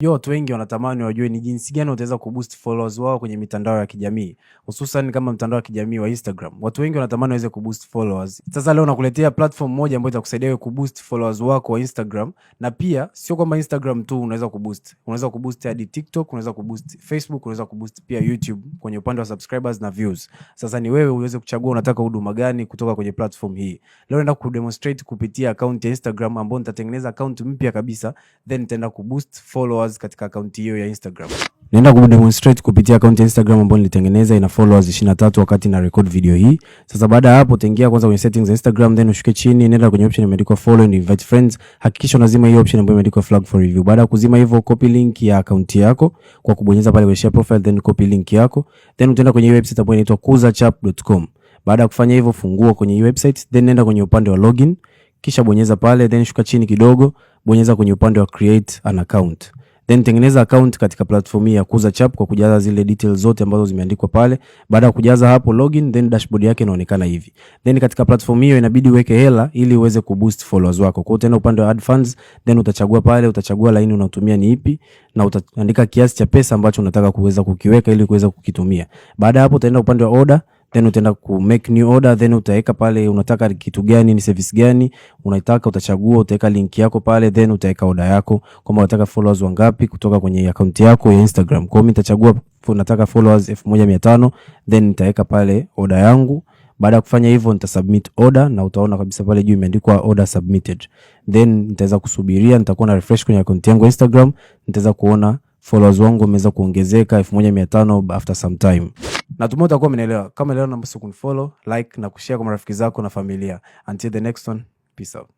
Yo, watu wengi wanatamani wajue ni jinsi gani wataweza kuboost followers wao kwenye mitandao ya kijamii hususan kama mtandao wa kijamii wa Instagram. Watu wengi wanatamani waweze kuboost followers. Sasa leo nakuletea platform moja ambayo itakusaidia wewe kuboost followers wako wa Instagram, na pia sio kwamba Instagram tu unaweza kuboost, unaweza kuboost hadi TikTok, unaweza kuboost Facebook, unaweza kuboost pia YouTube kwenye upande wa subscribers na views. Sasa ni wewe uweze kuchagua unataka huduma gani kutoka kwenye platform hii. Leo naenda kudemonstrate kupitia account ya Instagram ambayo nitatengeneza account mpya kabisa, then nitaenda kuboost followers followers katika akaunti hiyo ya Instagram. Naenda kudemonstrate kupitia akaunti ya Instagram ambayo nilitengeneza ina followers 23 wakati na record video hii. Sasa baada ya hapo utaingia kwanza kwenye settings za Instagram then ushuke chini nenda kwenye option imeandikwa follow and invite friends. Hakikisha unazima hiyo option ambayo imeandikwa flag for review. Baada ya kuzima hivyo copy link ya akaunti yako kwa kubonyeza pale kwenye share profile then copy link yako. Then utaenda kwenye website ambayo inaitwa kuzachap.com. Baada ya kufanya hivyo fungua kwenye hii website then nenda kwenye upande wa login kisha bonyeza pale then shuka chini kidogo bonyeza kwenye upande wa create an account then tengeneza account katika platform ya Kuza Chap kwa kujaza zile details zote ambazo zimeandikwa pale. Baada ya kujaza hapo login, then dashboard yake inaonekana hivi. Then katika platform hiyo inabidi uweke hela ili uweze kuboost followers wako. Kwa hiyo tena upande wa ad funds, then utachagua pale, utachagua laini unatumia ni ipi na utaandika kiasi cha pesa ambacho unataka kuweza kukiweka ili kuweza kukitumia. Baada hapo utaenda upande wa order then utaenda ku make new order, then utaweka pale unataka kitu gani, ni service gani unaitaka, utachagua, utaweka link yako pale, then utaweka order yako kwamba unataka followers wangapi kutoka kwenye account yako ya Instagram. Kwa mimi nitachagua nataka followers 1500 then nitaweka pale order yangu. Baada ya kufanya hivyo nitasubmit order na utaona kabisa pale juu imeandikwa order submitted. Then nitaweza kusubiria, nitakuwa na refresh kwenye account yangu ya Instagram, nitaweza kuona followers wangu wameweza kuongezeka 1500 after some time. Natumai utakuwa umenielewa. Kama leo, naomba usikunfollow, like na kushare kwa marafiki zako na familia. Until the next one, peace out.